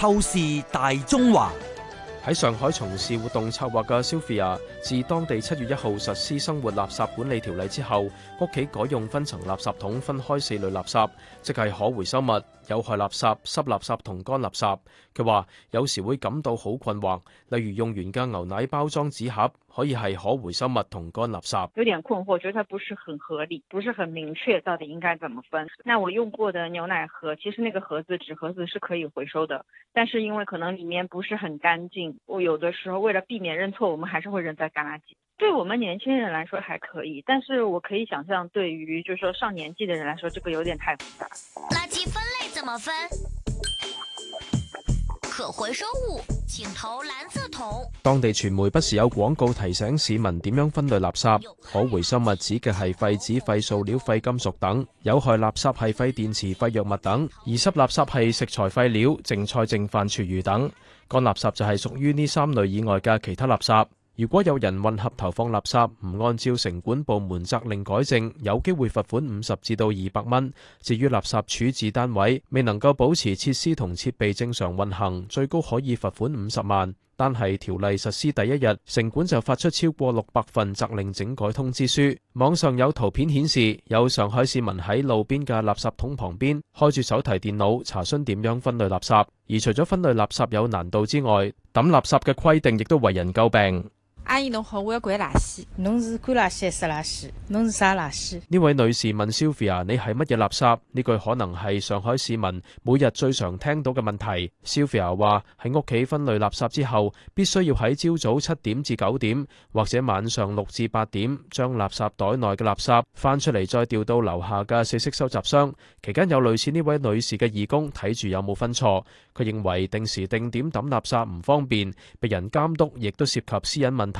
透視大中華。喺上海從事活動策劃嘅 Sophia，自當地七月一號實施生活垃圾管理條例之後，屋企改用分層垃圾桶，分開四類垃圾，即係可回收物。有害垃圾、濕垃圾同乾垃圾。佢話有時會感到好困惑，例如用完嘅牛奶包裝紙盒，可以係可回收物同乾垃圾。有點困惑，覺得它不是很合理，不是很明確到底應該怎麼分。那我用過的牛奶盒，其實那個盒子紙盒子是可以回收的，但是因為可能裏面不是很乾淨，我有的時候為了避免認錯，我們還是會扔在乾垃圾。對我們年輕人來說還可以，但是我可以想象，對於就是說上年紀的人來說，這個有點太複雜。垃圾分怎麼分？可回收物，請投藍色桶。當地傳媒不時有廣告提醒市民點樣分類垃圾。可回收物指嘅係廢紙、廢塑料、廢金屬等；有害垃圾係廢電池、廢藥物等；而濕垃圾係食材廢料、剩菜剩飯、廚餘等；乾垃圾就係屬於呢三類以外嘅其他垃圾。如果有人混合投放垃圾，唔按照城管部門責令改正，有機會罰款五十至到二百蚊。至於垃圾處置單位，未能夠保持設施同設備正常運行，最高可以罰款五十萬。但係條例實施第一日，城管就發出超過六百份責令整改通知書。網上有圖片顯示，有上海市民喺路邊嘅垃圾桶旁邊開住手提電腦查詢點樣分類垃圾。而除咗分類垃圾有難度之外，抌垃圾嘅規定亦都為人詬病。阿姨，你好，我要管垃圾。你是乾垃圾還是濕垃圾？你是啥垃圾？呢位女士問 Sophia，你係乜嘢垃圾？呢句可能係上海市民每日最常聽到嘅問題。Sophia 話喺屋企分類垃圾之後，必須要喺朝早七點至九點，或者晚上六至八點，將垃圾袋內嘅垃圾翻出嚟，再掉到樓下嘅四色收集箱。期間有類似呢位女士嘅義工睇住有冇分錯。佢認為定時定點抌垃圾唔方便，被人監督亦都涉及私隱問題。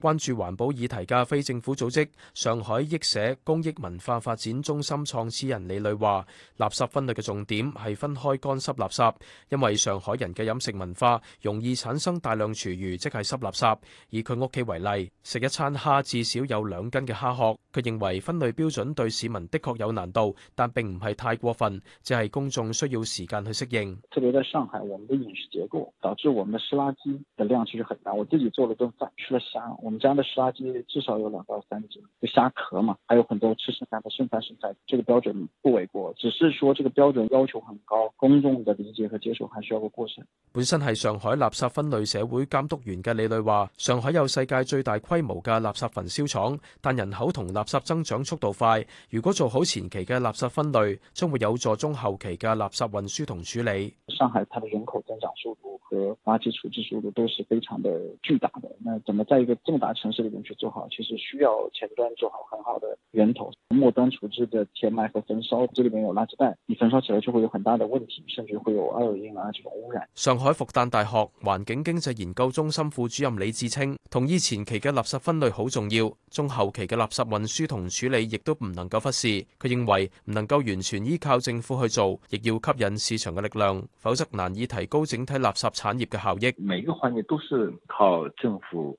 關注環保議題嘅非政府組織上海益社公益文化發展中心創始人李磊話，垃圾分類嘅重點係分開乾濕垃圾，因為上海人嘅飲食文化容易產生大量廚餘，即係濕垃圾。以佢屋企為例，食一餐蝦至少有兩斤嘅蝦殼。佢認為分類標準對市民的確有難度，但並唔係太過分，只係公眾需要時間去適應。特別在上海，我們的飲食結構導致我們的濕垃圾嘅量其實很大。我自己做咗頓飯，食咗蝦。我們家的濕垃圾至少有兩到三隻，就蝦殼嘛，還有很多吃剩飯和剩飯剩菜，這個標準不為過，只是說這個標準要求很高，公眾的理解和接受還需要個過程。本身係上海垃圾分類社會監督員嘅李磊話，上海有世界最大規模嘅垃圾焚燒廠，但人口同垃圾增長速度快，如果做好前期嘅垃圾分類，將會有助中後期嘅垃圾運輸同處理。上海它的人口增長速度和垃圾處置速度都是非常的巨大的，那怎麼在一個這麼大城市裏面去做好，其實需要前端做好很好的源頭，末端處置的填埋和焚燒，這裏面有垃圾袋，你焚燒起來就會有很大的問題，甚至會有二惡英啊這種污染。上海復旦大學環境經濟研究中心副主任李志清同意前期嘅垃圾分類好重要，中後期嘅垃圾運輸同處理亦都唔能夠忽視。佢認為唔能夠完全依靠政府去做，亦要吸引市場嘅力量，否則難以提高整體垃圾產業嘅效益。每一個環節都是靠政府。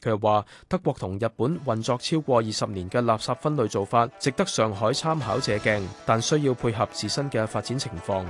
佢又話：德國同日本運作超過二十年嘅垃圾分類做法，值得上海參考借鏡，但需要配合自身嘅發展情況。